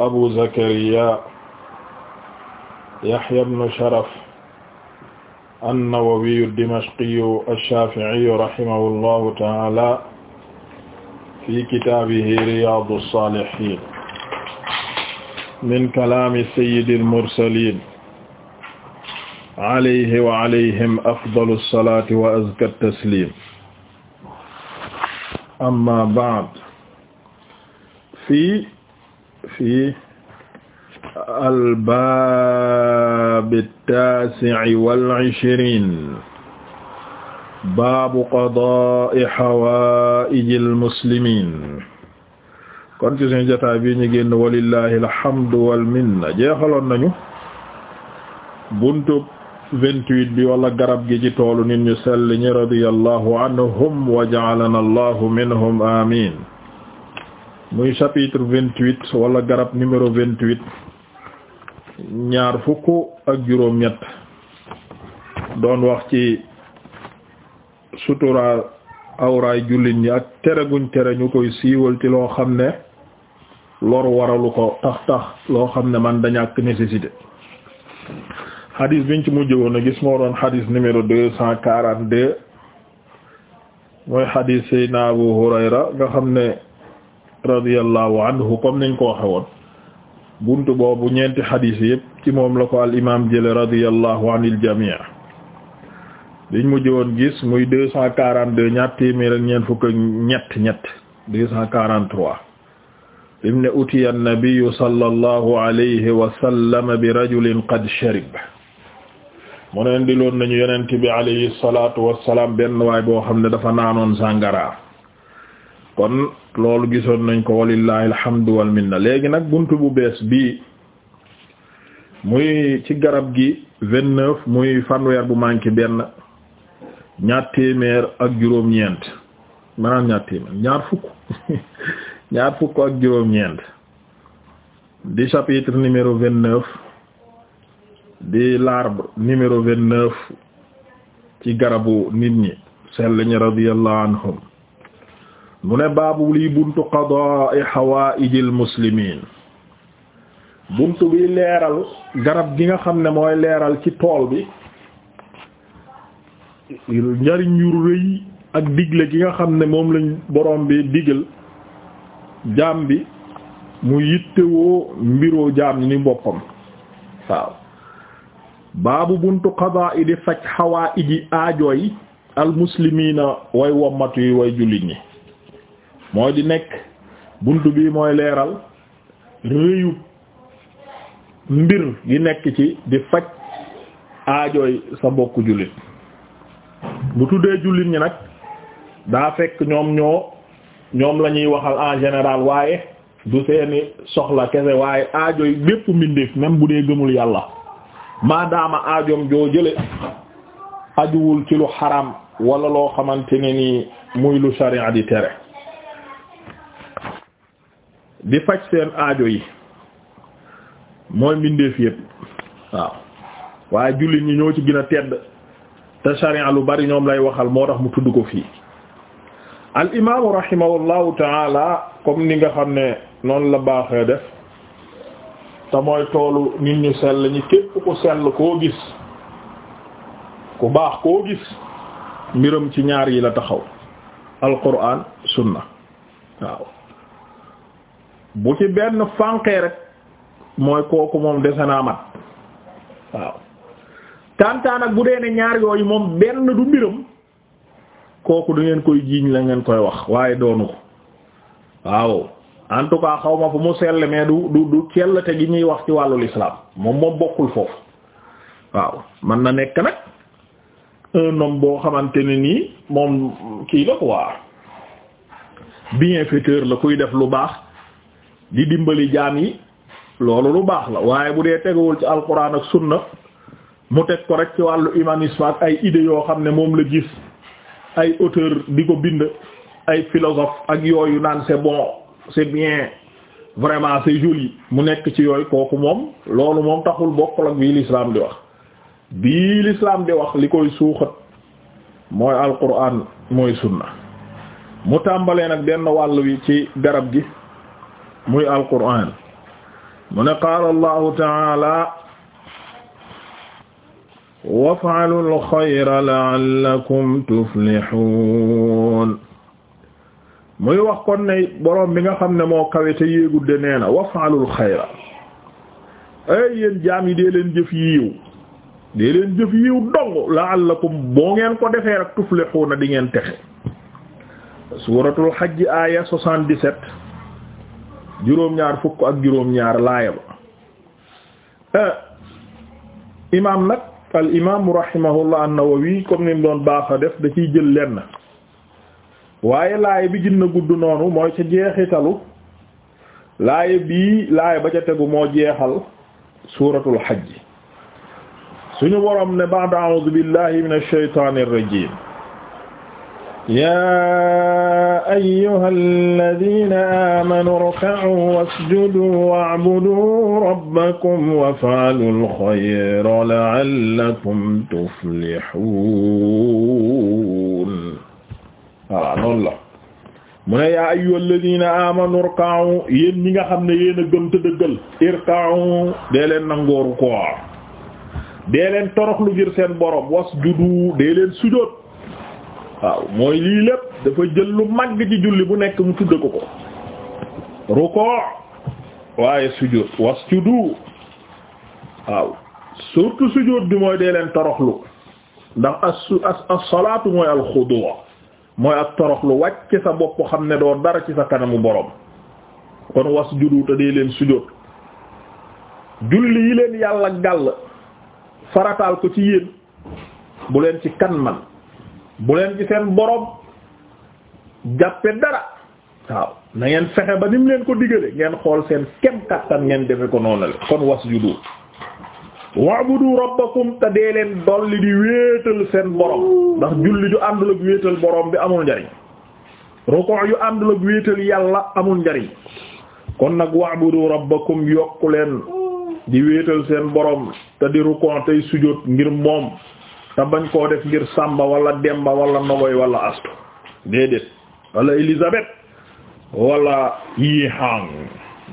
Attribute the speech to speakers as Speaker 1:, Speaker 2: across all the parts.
Speaker 1: abu zakariya yahya ibn sharaf an-nawawiyu ad-dimashqiyu ash-shafi'iyu rahimahullahu ta'ala fi kitaabihi riyaadu as-saalihiin min kalaami sayyidil mursaliin alayhi wa alayhim afdalu as-salaati wa azka at-tasliim amma ba'd fii fi al-baab at-taasi' wal-'ishriin baabu qadaa'i hawaa'iji al-muslimiin kon ci sunu jotaay bi ñu génn walillaahi alhamdu wal minna jeexaloon nañu buntu 28 bi wala garab gi ci toolu nit ñu sell ñi radiyallaahu anhum wa ja'alanaa Allaahu minhum amiin muy chapitre vingt-huit wala garab numéro vingt-huit ñaar fukk ak juróom ñett doon wax ci sutura awraay jullit ñi ak tere guñ tere ñu koy siiwal ci loo xam ne lor waralu ko tax tax loo xam ne man da ñàkk nécessité xadis biñ ci mujj woon a gis moo doon xadis numéro deux cent mooy xadis Seydina Abu Hurayra nga xam ne radiyallahu anhu comme niñ ko waxe woon boobu ñeenti xadiis yëpp ci moom la ko al imaam jële radiyallahu anil jamii liñ mujj woon gis muy deux cent quarante deux ñaar téeméer ñeent ñett ñett deux cent quarante trois lim ne utiya annabiyu sallallahu alayhi wa sallam bi rajulin qad sharib mu neen di loon nañu yonent bi alayhi salaatu wassalaam benn waay boo xam ne dafa naanoon sàngara kon loolu gisoon nañ ko walillahi alhamdu wal minna léegi nag bunt bu bees bii muy ci garab gi vingt muy fanweer bu manqué benn ñaar téeméer ak juróom-ñeent maanaam ñaar téeméer ñaar fukk ñaar fukk ak juróom-ñeent di chapitre numéro vingt-neuf di l'arbre numéro vingt-neuf ci garabu nit ñi sell ñi radiyallahu anhum mu ne baabu lii buntu qadaa'i xawaa'ijil muslimiin buntu bi leeral garab gi nga xam ne mooy leeral ci tool bi njariñ yu rëy ak digle gi nga xam ne moom lañ borom bi digal jaam bi mu yittewoo mbiroo jaam ni boppam waaw baabu buntu qadaa'i di faj xawaa'iji aajooy al muslimiina way wommatu yi way jullit ñi mooy di nekk bunt bii mooy leeral réyub mbir gi nekk ci di faj aajooy sa mbokk jullit bu tuddee jullit ñi nag daa fekk ñoom ñoo ñoom la ñuy waxal en général waaye du seeni soxla kese waaye aajooy bépp mbindeef même bu dee gëmul yàlla maadaama aajoom joo jële ajuwul ci lu xaram wala loo xamante ne nii muy lu sharia di tere di faj seen aajo yi mooy mbindeef yépp waaw waaye jullit ñi ñoo ci gën a tedd te sharia lu bari ñoom lay waxal moo tax mu tudd ko fii al imaamu rahimahullahu taala comme ni nga xam ne noonu la baaxee def te mooy toolu nit ñu sell ñi képp ku sell koo gis ku baax koo gis mbiram ci ñaar yi la taxaw al quraan sunna waaw bu ci benn fànqee rek mooy kooku moom dese naa mat waaw tantaan ak bu dee ne ñaar yooyu moom benn du mbiram kooku da ngeen koy jiiñ la ngeen koy wax waaye doonu ko waaw en tout xaw ma fu mu sell mais du du du te gi ñuy wax ci wàllu l'islam moom moom bokkul foofu waaw man na nekk nag un boo xamante ne nii moom kii la quoi bienfaiteur la kuy def lu baax. di dimbali jaam yi loolu lu baax la waaye bu dee teguwul ci alquran ak sunna mu teg ko rek ci wàllu humanisme ak ay idées yoo xam ne moom la gis ay auteur di ko bind ay philosophe ak yooyu naan c'est bon c'est bien vraiment c'est joli mu nekk ci yooyu kooku moom loolu moom taxul bokkul ak bii l'islam di wax bii l'islam di wax li koy suuxat mooy alquran mooy sunna mu tàmbalee nag benn wàll wi ci garab gi muy alqur'aan mu ne qaala allahu taala waf'alul xayra la'allakum tuflihun muy wax kon ne boroom bi nga xam ne moo kawe te yéegudde nee na waf'alul xayra ay yéen jaam yi dee leen jëf yiiw dee leen jëf yiiw dong la'allakum boo ngeen ko defee rek tuflihuna di ngeen texe suuratul xajj aaya juróom-ñaar fukk ak juróom-ñaar laaya ba eh, imaam nag al imaam rahimahullah an-Nawawi comme ni mu doon baaxa def da ciy jël lenn waaye laaya bi gën na gudd noonu mooy ca jeexitalu laaya bii laaya ba ca tegu moo jeexal suuratu suuratul hajj suñu boroom ne ba'da a'uuzu billahi minash shaytaanir rajiim yaa ayyuhal laziina aamanuu irka'uu wasjuduu wa'buduu rabbakum waf'alul xayra la'allakum tuflihuun. voilà noonu la mu ne yaa ayyuhal laziina aamanuu irka'uu yéen ñi nga xam ne yéen a gëm te dëggal. irka'uu dee leen nangooru ko dee leen toroxlu ngir seen borom wasjudu dee leen sujood. waaw mooy lii lépp dafa jël lu màgg ci julli bu nekk mu tudde ko ko ruku' waaye sujud wasjudu waaw surtout sujud bi mooy dee leen toroxlu ndax as as as-salaatu mooy al-xudu' mooy ak toroxlu wàcc sa bopp xam ne doo dara ci sa kanamu borom kon wasjudu te dee leen sujud julli yi leen yàlla gàll farataal ko ci yéen bu leen ci kan man bu leen ci seen borom jàppe dara waaw na ngeen fexe ba ni mu leen ko digale ngeen xool seen kem kattan ngeen defe ko kon noonu la kon bu du rabbakum te dee leen dolli di wéetal seen borom ndax julli ju àndul ak wéetal borom bi amul njariñ ruku' yu àndul ak wéetal yàlla amul njariñ kon nag wa'budu rabbakum yokk leen di wéetal seen boroom te di ruku' tey sujjóot ngir moom te bañ koo def ngir sàmba walla Demba wala Nogoy wala Astu déedéet wala Elisabeth wala Yihang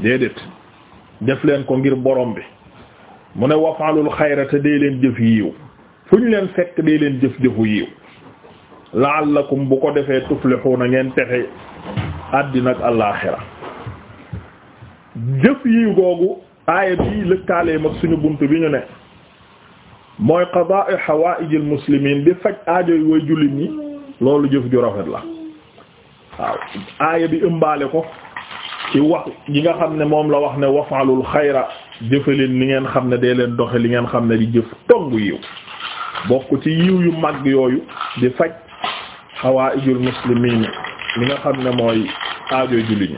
Speaker 1: déedéet def leen ko ngir borom bi mu ne wafaalul xayra te dee leen jëf yiiw fu ñu leen fekk dee leen jëf jëfu yiiw la'allakum bu ko defee tuflihuna ngeen texe àddina ak alaaxira jëf yiiw googu aaya bii lëkkaaleem ak suñu bunt bi ñu ne mooy qadaa'i hawaa'ijil muslimiin di faj aajo yi way jullit ñi loolu jëf ju rafet la waaw aaya bi ëmbaale ko ci wax yi nga xam ne moom la wax ne wafaalul xayra jëfaleen li ngeen xam ne dee leen doxe li ngeen xam ne di jëf tong yiw bokk ci yiw yu mag yooyu di faj xawaa'ijul muslimiin li nga xam ne mooy aajo jullit ñi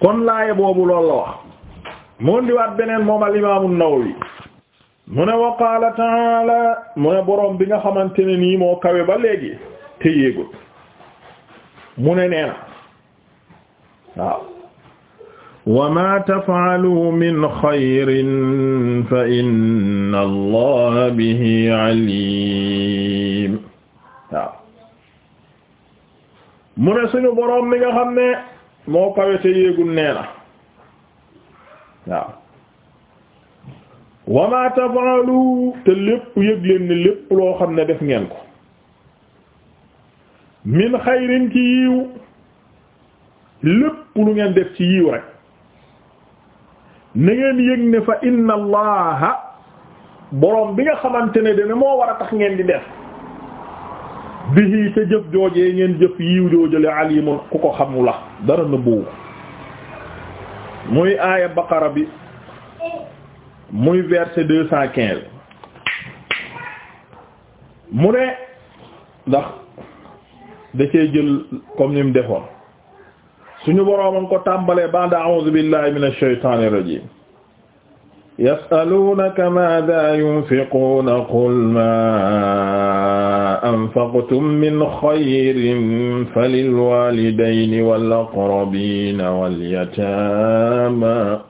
Speaker 1: kon laaye boobu loolu la wax moo beneen moom al imaamu Nawawi mu ne wa qaala taala mu ne boroom bi nga xamante ne nii moo kawe ba léegi te yéegul mu ne nee na waaw wa ma tafaalu min xayrin fa inna allaha bihi alim waaw mu ne boroom mi nga xam ne moo kawe te yéegul nee na wa ma tafaalu te lépp yëg leen ni lépp loo xam ne def ngeen ko min xayrin ci yiiw lépp lu ngeen def ci yiiw rek na ngeen yëg ne fa inna allaha boroom bi nga xamante ne dana moo war a tax ngeen di def bihi ca jëf joojee ngeen jëf yiiw joojale alimun ku ko xamu la dara nëbbuwu muy aaya baqara bi muy verset deux cent quinze mu ne ndax da cee jël comme ni mu defoon suñu boroomam ko tàmbalee ba'da a'uuzu billahi minash shaytaanir rajiim yas'aluunaka maadaa yunfiquuna qul maa anfaqtum min xayrin falil waalidayni wal aqrabiina wal yataamaa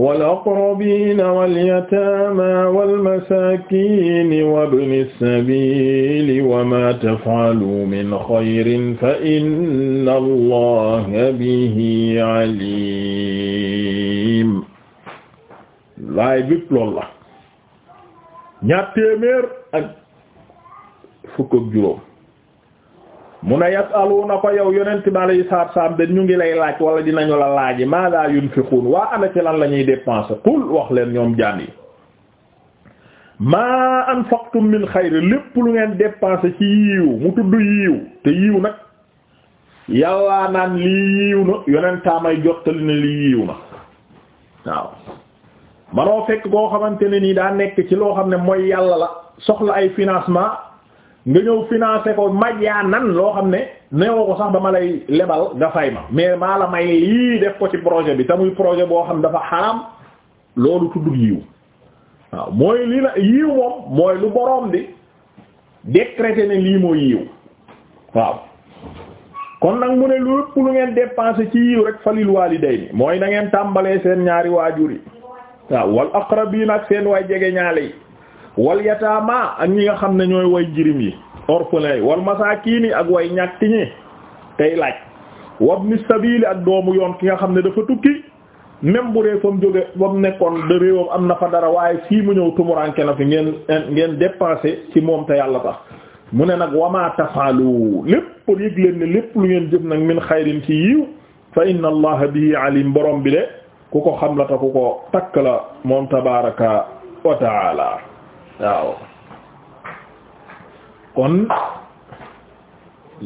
Speaker 1: والأقربين واليتامى والمساكين وابن السبيل وما تفعلوا من خير فإن الله به عليم laay bépp loolu la ñaar téeméer ak fukk ak juróom mu ne ko yow yonent bi yi salaatu salaam de ñu ngi lay laaj wala dinañu la laaji maada yunfiquun waa ana ci lan la ñuy dépenser qul wax leen ñoom jaan yi maa anfaqtum min xayr lépp lu ngeen dépenser ci yiiw mu tudd yiw te yiiw nag yàllaa naan lii yiiw na yonentaamay jottali ne lii yiiw na waaw manoo fekk koo xamante ne nii daa nekk ci loo xam ne mooy yàlla la soxla ay financement nga ñëw finance ko nan loo xam ne neewoo ko sax dama lay lebal nga fay ma mais maa la may yii def ko ci projet bi tamuy projet boo xam dafa xaram loolu tuddul yiw waaw mooy lii la yiw moom mooy lu boroom di décréter ne lii mooy yiw waaw kon nag mu ne lu ëpp lu ngeen dépensé ci yiw rek falil walidayni mooy na ngeen tàmbalee seen ñaari waajur yi waaw wal bii ak seen waay jege ñaale yi wal yataama ak ñi nga xam ne ñooy way jirim yi orphelin yi wal masaakiini ak way ñàkk ñi tey laaj wabni sabiili ak doomu yoon ki nga xam ne dafa tukki même bu dee fa mu jóge ba mu nekkoon de réewam am na fa dara waaye fii mu ñëw tumuranke na fi ngeen ngeen dépensé ci moom te yàlla tax mu ne nag wama tafaalu lépp yëg leen ne lépp lu ngeen jëf nag min xayrin ci yiw fa inna allaha bihi alim borom bi de ku ko xam la te ku ko takk la moom tabaraka wa taala waaw kon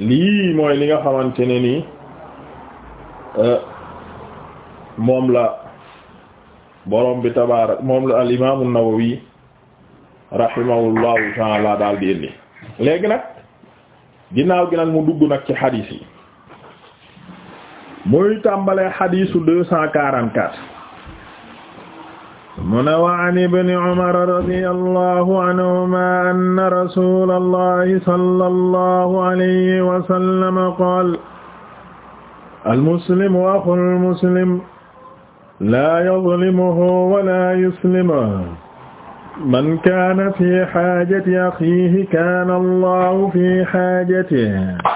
Speaker 1: lii mooy li nga xamante ne nii euh, moom la borom bi tabaarak moom la al imaam an-Nawawi rahimahullahu ta'ala daal di indi léegi nag ginnaaw gi nag mu dugg nag ci xadiis yi muy tàmbalee xadiisu deux cent quarante-quatre mu ne wa an ibni umara radiyallahu anhuma anna rasulallahi sallallahu alayhi wa sallam qaala almuslimu axul muslim laa yadlimuhu wa laa yuslimuhu man kaana fi xaajati axiihi kaana allahu fi xaajatihi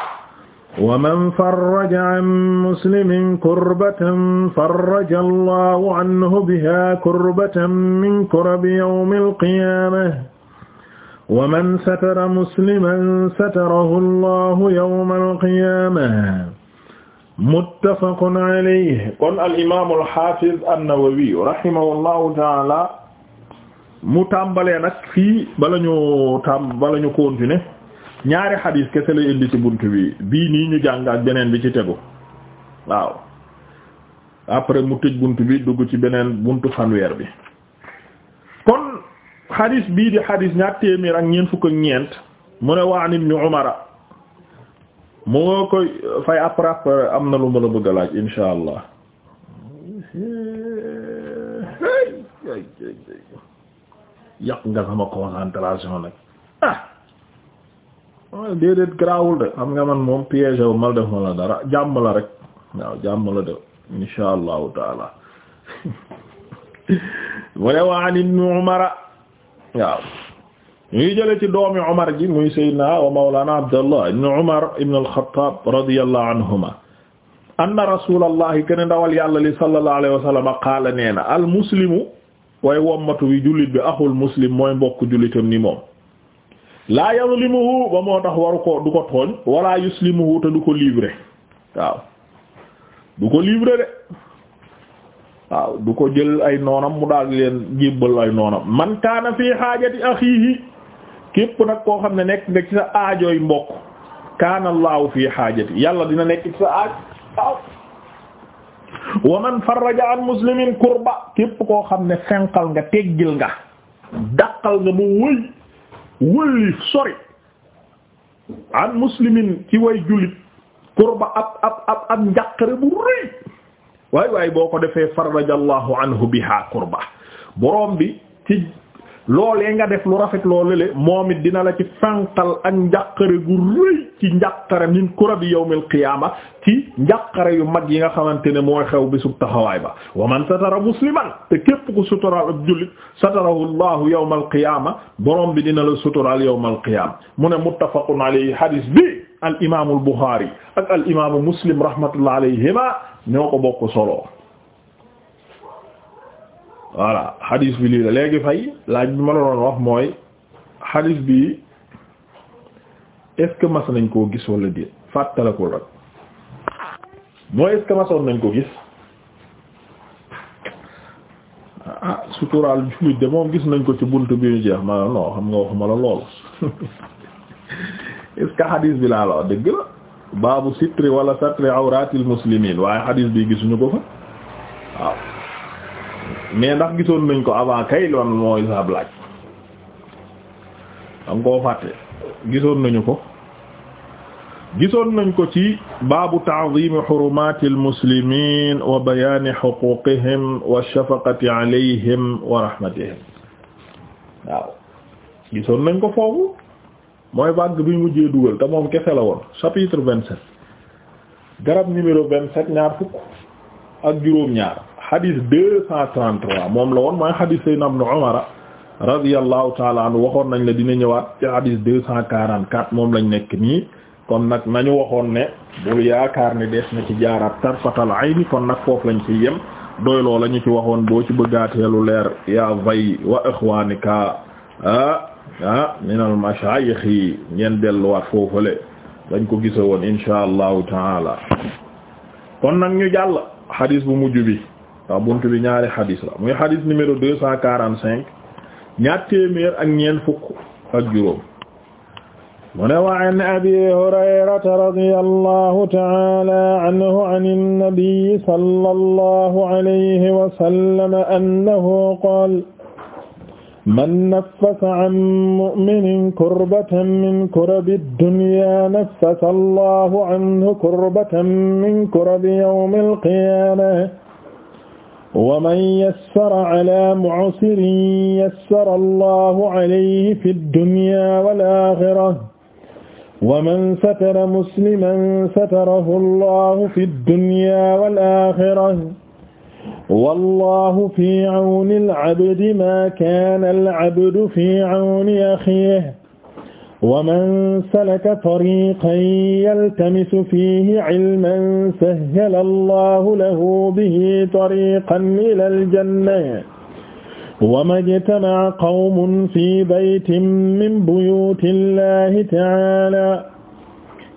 Speaker 1: wa man farraja an muslimin kurbatan farraja allahu anhu biha kurbatan min kurabi yawmi alqiyaamah wa man satara musliman satarahu allahu yawma alqiyaamah muttafaqun alayhi kon alimaamu alxaafiz annawawi rahimahullahu taala mu tàmbalee nag fii bala ñu tàmb bala ñu continuer ñaari xadiis kese lay indi ci bunt bi bii nii ñu jàng ak beneen bi ci tegu waaw après mu tëj bunt bi dugg ci beneen buntu fanweer bi kon xadiis bii di xadiis ñaar téeméer ak ñeent fukk ak ñeent mu ne waa nit ñu umara mu nga koy fay après après am na lu ma la bëgg laaj insha allah yàq nga sama concentration nag ah! ah déedéet garaawul man moom piège wu mal def ma la dara jàmm la rek waaw insha allahu taala mu ne waa ibn Umar waaw ñuy jële ci doomi Umar ji muy Seydina wa Mawlana Abdallah ibn Umar ibn al-Khattab radiyallahu anhuma anna rasulallahi ken ndawal li sallallahu alayhi wa sallam qaala nee na al way wommatu wi jullit bi axul muslim mooy mbokk jullitam ni moom laa yazlimuhu ba moo tax waru ko du ko tooñ wala yuslimuhu te du ko livrer waaw du ko livrer de waaw du ko jël ay noonam mu daal leen jébbal ay noonam man kaana fii xaajati axiihi képp nag koo xam ne nekk nga ci sa aajooy mbokk kaana Allahu fii xaajati yàlla dina nekk ci sa aaj waaw wa man farraja an kurba képp koo xam ne fenqal nga teggil nga daqal nga mu wëy wëlli sori an muslimin ci way jullit kurba ab ab ab ab njàqare bu rëy waay waay boo ko defee farajallahu anhu biha kurba borom bi ci loolee nga def lu rafet loolu le moom it dina la ci fenqal ak njàqare gu ci njàqare min kurabi yawmil qiyaama ci njàqare yu mag yi nga xamante ne mooy xew bisub taxawaay ba wa man satara musliman te képp ku suturaal ab jullit satarahu llahu yawmal qiyaama borom bi dina la suturaal yawmal qiyaama mu ne muttafaqun alayhi hadis bi al imaamul Buxaari ak al imaamu Muslim rahmatullah alayhima ñoo ko bokk solo voilà xadis bi lii la léegi fay laaj bi ma la doon wax mooy xadis bi est mas nañ koo gis wala déet fàttalakul rek mooy est masoon nañ ko gis ah suturaal jullit gis nañ ko ci bunt bi ñu jeex ma non xam nga waxuma la loolu est-ce bi laa la wax dëgg la baabu sitri wala satri awratil muslimin waaye xadis bi gisuñu ko fa mais ndax gisoon nañ ko avant kay loon mooy saab laaj danga koo fàtte gisoon nañu ko gisoon nañ ko ci baabu ta'zimi hurumati almuslimin wa bayani huquqihim waaw gisoon nañ ko foofu mooy vague bi mujjee dugal te moom kese la woon chapitre vingt-sept garab numéro vingt-sept ñaar fukk ak juróom ñaar xadis deux cent trente moom la woon mooy xadis Seydina Ibn Umar radiyallahu taala anhu waxoon nañ la dina ñëwaat ci xadis deux cent quarante-quatre moom lañu nekk nii kon nag nañu waxoon ne bul yaakaar ne des na ci jaaraat tarfatal ayni kon nag foofu lañ ci yem doy loo la ñu ci waxoon boo ci bëggaateelu leer yaa vay wa ixwanika ah ah min al mashayikh yi ngeen delluwaat foofale dañ ko gisa woon insha allahu taala kon nag ñu jàll xadis bu mujj bi ndax bunt bi ñaari xadis la muy xadis numéro deux cent quarante cinq ñaar téeméer ak ñeent fukk ak juróom mu ne wa an abi hurayrata radiyallahu ta'ala anhu ani nnabiyi sallallahu alayhi wa sallam annahu qaala man naffasa an mu'minin kurbatan min kurabi dunya naffasa allahu anhu kurbatan min kurabi yawmil qiyaamah wa man yassara ala mu'sirin yassara allahu alayhi fi dunya wal akhirah wa man satara musliman satarahu allahu fi dunya wal akhirah wallahu fi awni al abdi ma kana al abdu fi awni akhihi waman salaka tariqan yaltamisu fiihi ilman sahhala allahu lahu bihi tariqan ilal janna wama jtamaca qawmun fi baytin min buyuti llahi tacaala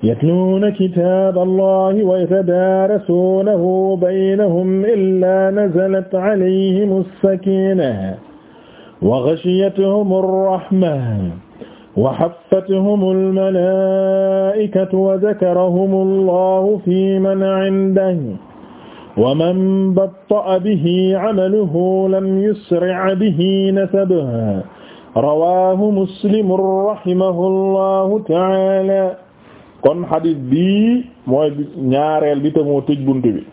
Speaker 1: yatluuna kitaaba allahi wa yatadaarasuunahu baynahum illaa nazalat calayhim assakiinatu wa ghashiyatuhum arrahma wa haffatuhum almalaa'ikatu wa zakarahum allahu fi man indahu wa man batta'a bihi amaluhu lam yusri' bihi nasabuhu rawaahu muslim rahimahu allahu ta'aala kon xadis bi mooy ñaareel bi te moo tëj bunt bi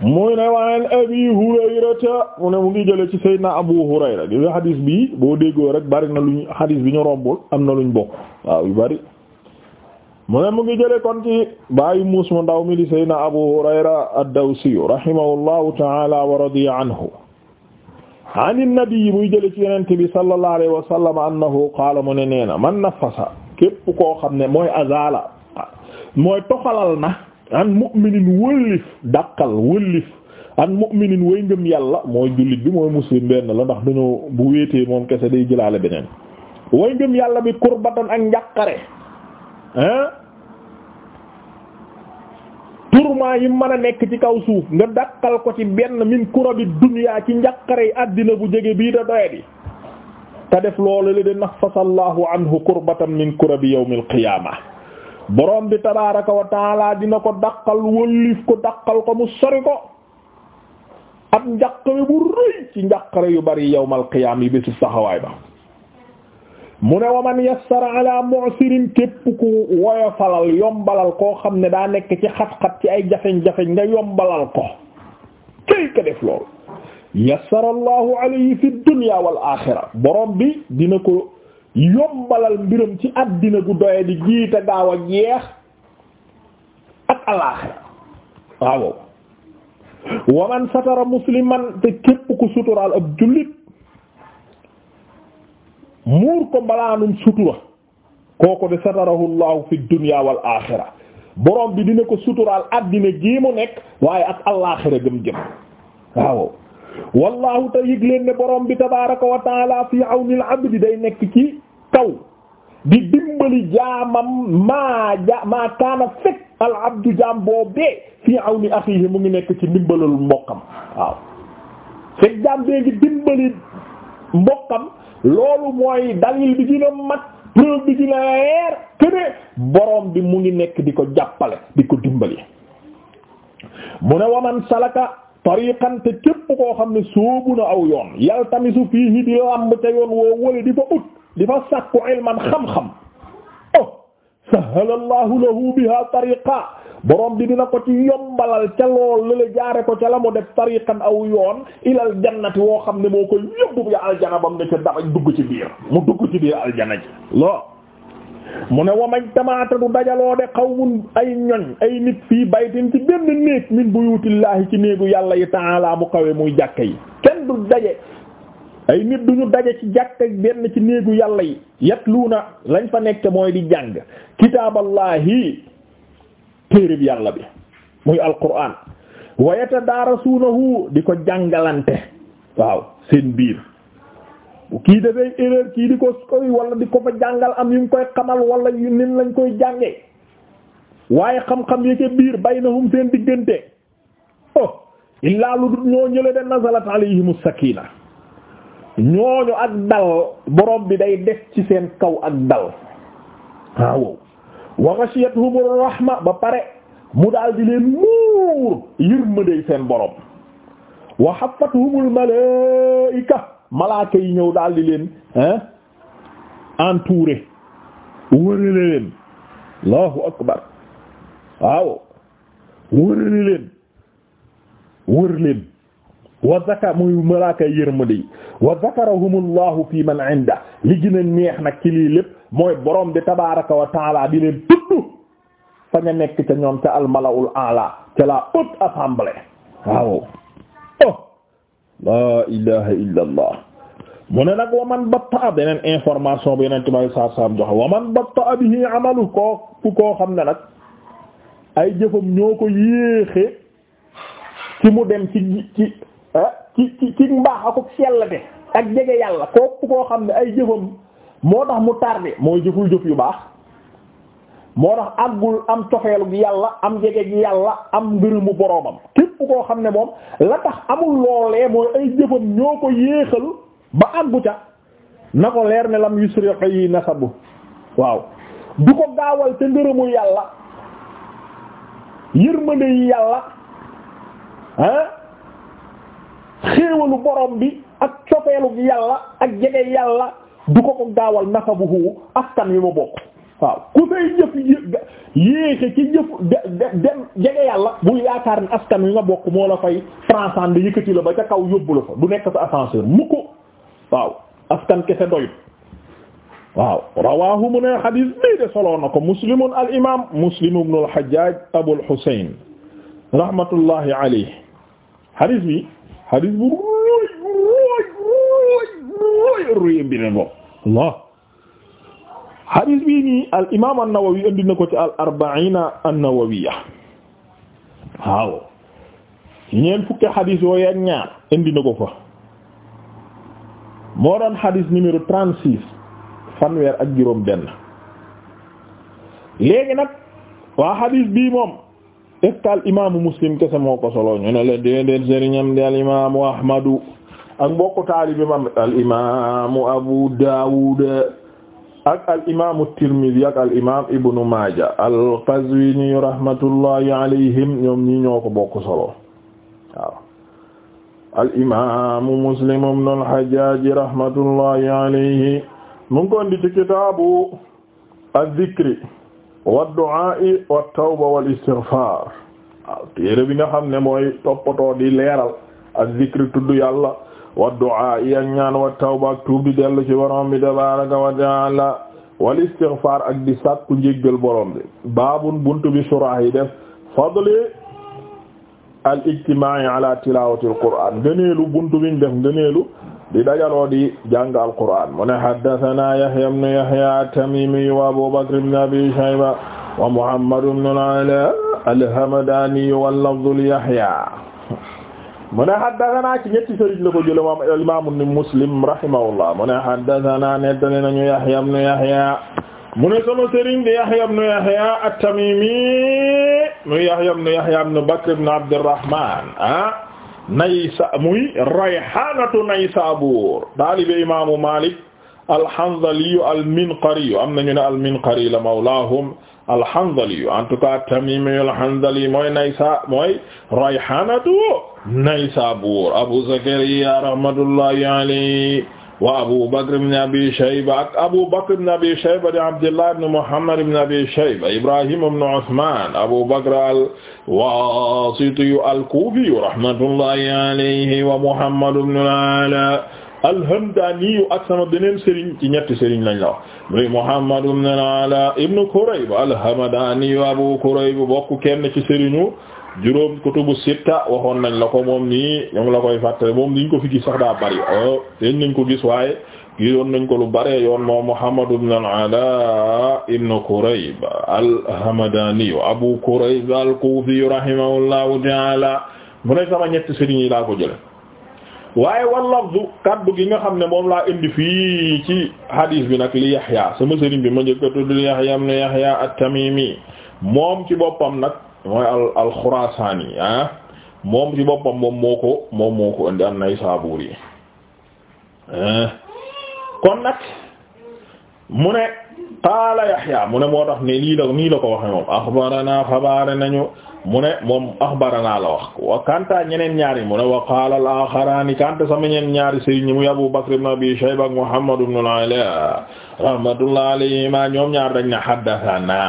Speaker 1: mu ne waan abi hurayrata mu ne mu ngi jële ci sayyidina abu hurayra di xadis bi boo déggoo rek bari na luñ xadis bi ñu rombul am na lu ñu bokk waaw yu bari mu ne mu ngi jële kon ci bàyyi muus mu ndaw mi di sayyidina abu hurayra ad-dawsi rahimahullahu ta'ala wa radiya anhu an nabi muy jële ci yonent bi sallallahu alayhi wa sallam annahu qaala mu ne nee na man nafasa képp koo xam ne mooy azala mooy toxalal na an mu'minin wëllif dàqal wëllif an mu'minin way ngëm yàlla mooy jullit bi mooy muslim benn la ndax dañoo bu wéetee moom kese day jëlaale beneen way ngëm yàlla bi kurbatan ak njàqare hein tourment yi mën a nekk ci kaw suuf nga dàqal ko ci benn min kurabi dunya ci njàqare yi àddina bu jege bii da doyet yi te def loolu la de nafasa allahu anhu kurbatan min kurabi yawmil qiyaama borom bi tabaaraka wa taala dina ko dàqal wëllif ko dàqal ko mu sori ko ab njàqare bu rëy ci njàqare yu bari yawmal qiyaam yi bésu taxawaay ba mu ne wa man yassara ala mu'sirin képp ku woyofalal yombalal koo xam ne daa nekk ci xat-xat ci ay jafeñ-jafeñ nga yombalal ko kay ka def lool yassara allahu alayhi fi dunya wal axira borom bi dina ko yombalal mbiram ci àddina gu doye di jiite gaaw a jeex ak alaaxira waaw wa man satara musliman te képp ku suturaal ab jullit muur ko mbalaanum sutura kooku de satarahu fi dunya wal axira borom bi dina ko suturaal addina gii mu nekk waaye ak alaaxira gëm jëm waaw wallahu te yëg ne borom bi tabaraka wa taala fi awnil abdi day nekk ci taw di dimbali jaamam maa ja kaana fekk al abdu jaam boobee fii awni axiihi mu ngi nekk ci ndimbalul mbokkam waaw fekk jaam bee ngi dimbali mbokkam loolu mooy dalil bi dina mat preuve bi dina leer këne borom bi mu ngi nekk di ko jàppale di ko dimbali mu ne waman salaka tariqan képp koo xam ne soobu na aw yoon yaltamisu fiihi di lamb ca yoon woo wële di fa ut di fa sàkku ilman xam-xam oh sahalallahu lahu biha tariqa borom bi dina ko ci yombalal ca lool la jaare ko ca la mu def tariqan aw yoon ilal jannati woo xam ne moo koy yóbbu ya aljana bam ne ca dafañ dugg ci biir mu dugg ci biir aljana ji loo mu ne wamañ tamaata du dajaloo de xawmun ay ñoñ ay nit fii baytin ci benn nit min buyutillahi ci néegu yàlla yi ta'ala mu kawe muy jàkke yi kenn du daje ay nit duñu daje ci jàkk benn ci néegu yàlla yi na lañ fa nekk mooy di jàng kitaaballahi téereb yàlla bi muy alquran wa yatadaarasuunahu di ko jàngalante waaw seen biir kii dafay erreur kii di ko koy wala di ko fa jàngal am yu ñu koy xamal wala yu nin lañ koy jànge waaye xam-xam yi ca biir baynahum seen diggante oh illaa lu dul ñoo ñële de nazalat alayhimus sakina ñooñu ak dal borom bi day def ci seen kaw ak dal waaw wa ghashiyatuhum ba pare mu daldi leen muur yërmande seen boroom wa haffatuhumul malaa'ika malaaka yi ñëw daal leen hein entouré wërale leen allahu akbar waaw wërale leen wër leen wa zaka muy malaaka yërmande yi wa zakarahumullahu fi man inda li gën a neex nag ci lii lépp mooy borom bi tabaraka wa di leen tudd fa nga nekk ca ñoom ca almalaul ala ca la haute assemblée waaw oh la ilaha illa mu ne nag waman batta beneen information bu yenente may sar sam joxe waman batta bihi amalu koo fu koo xam ne nag ay jëfam ñoo ko yéexe ci mu dem ci ci Ah ci ci ci mbaax akub sellate ak jege yàlla kooku koo xam ne ay jëfam moo tax mu tardé mooy jëful jëf yu baax moo tax àggul am cofeelu gi yàlla am jege gi yàlla am ngërëmu boroomam képp koo xam ne moom la tax amul loolee mooy ay jëfam ñoo ko yéexal ba àggu ca na ko leer ne lam yusriqi yi nasabu waaw du ko gaawal te ngërëmu yàlla yërmande yi yàlla ah xéewalu borom bi ak cofeelu yàlla ak jege yàlla du ko ko gaawal nasabuhu askan wi ma bokk waaw ku say jëf yéexe ci jëf jege yàlla bul yaakaar ni askan wi nga bokk moo la fay transcender yëkkati la ba ca kaw yóbbu la fa du nekk sa ascenseur mu ko waaw askan kese doyut waaw rawahu mu ne xadis bii de soloo na ko muslimun al imam muslim ibn al hajjaj abul husayn rahmatullahi alayhi xadis bi xadis bu ruuj ruuj ruuj ruuj ruuj mbir boobu Allah al imaam an-Nawawi indi na ko ci al arba'iina an-Nawawiyya waaw ñeent fukki xadis yooyu ak ñaar indi na ko fa moo doon xadis numéro trente six fanweer ak juróom benn léegi nag waa xadis bii moom. est ce al imaamu muslim kese moo ko solo ñu ne la déedéet sëriñam di al imaamu ahmadu ak mbokku taalibi al imaamu abu daawud ak al imaamu tirmidi ak al imaam ibnu maaja al qazwini rahmatullahi alayhim ñoom ñi ko bokk solo al imaamu muslim ibnu al hajjaaj rahmatullahi alayhi mu ko indi ci kitaabu az-zikri waddu'aa'i wat-tawba wal-istighfaar waaw bi nga xam ne mooy toppatoo di leeral ak zikri tudd yàlla waddu'aa'i ak ñaan wat-tawba ak tuub di dellu ci borom bi tabaaraka wa wal-istighfaar ak di sàkku njéggal borom baabun buntu bi yi def fadli al-ijtimaa'i ala tilaawati al-qur'aan ngëneelu buntu biñ def di dajaloo di jàng alqur'an mu ne haddathana yahya ibn yahya at-tamimi wa abu bakr ibn abi shayba wa muhammad ibn al-ala al-hamdani wal lafz li yahya mu ne haddathana ci ñetti sëriñ la ko jële moom al-imam muslim rahimahullah mu ne haddathana nettali nañu yahya ibn yahya mu ne sama sëriñ di yahya ibn yahya at-tamimi mu yahya ibn yahya ibn bakr ibn abd al-rahman ah naysa muy rayhanatu naysabur taalibe imaamu Malik alhanzaliyu alminqariyu am nañu ne alminqari la mawlaahum alhanzaliyu en tout cas tamimi alhanzali mooy naysa mooy rayhanatu naysabur Abu Zakariya rahmatullahi alayhi wa Abu Bakr ibn Abi Shayba ak Abu Bakr ibn Abi Shayba di Abdullah ibn Muhammad ibn Abi Shayba Ibrahim ibn Uthman Abu Bakr al-Wasiti al-Kufi rahmatullahi alayhi wa Muhammad ibn al-Ala al-Hamdani ak sama beneen sëriñ ci ñetti sëriñ lañ la wax muy Muhammad ibn al-Ala ibn Kurayb al-Hamdani Abu Kurayb bokk kenn ci sëriñu juróom kutubu sitta waxoon nañ la ko moom nii ñoom la koy fàttali moom niñ ko fi gis sax daa bari teñ oh, nañ ko gis waaye gisoon nañ ko lu bare yoon moom Muhammad ibn al-Ala ibn Kurayb al-Hamadani Abu Kurayb al-Kufi rahimahullahu ta'ala mu ne sama ñetti sëriñ yi laa ko jële waaye wal lafzu kaddu gi nga xam ne moom laa indi fii ci hadith bi nag li Yahya sama sëriñ bi ma njëkk a tudd Yahya ibn Yahya at-Tamimi moom ci boppam nag mooy al al ah moom ci boppam moom moo ko moom moo ko indi an-Naysaburi ah. kon nag mu ne qaala Yahya mu moo tax ne lii la ko waxe moom axbarana xabaare nañu mu moom axbarana la wax wa kanta ñeneen ñaari mu ne wa qaala al-aaxaraani kanta sama ñi muy Abu Bakr ibn Abi Shayba Muhammad ibn al-Ala rahmatullah alayhima ñoom ñaar dañ ne haddathana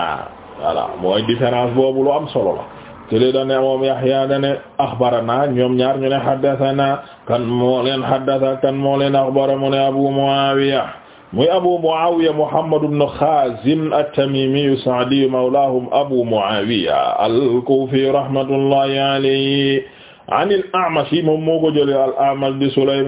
Speaker 1: voilà mooy différence boobu lu am solo la tële da ne moom Yahya da ne axbarana ñoom ñaar ñu ne haddathana kan moo leen haddatha kan moo leen axbara mu ne Abu Muawiya muy Abu Muawiya Muhammad ibn Khazim at-Tamimi Sa'di mawlahum Abu Muawiya al-Kufi rahmatullahi alayhi an al-A'mash moom moo ko jëlee al-A'mash di Sulaymaan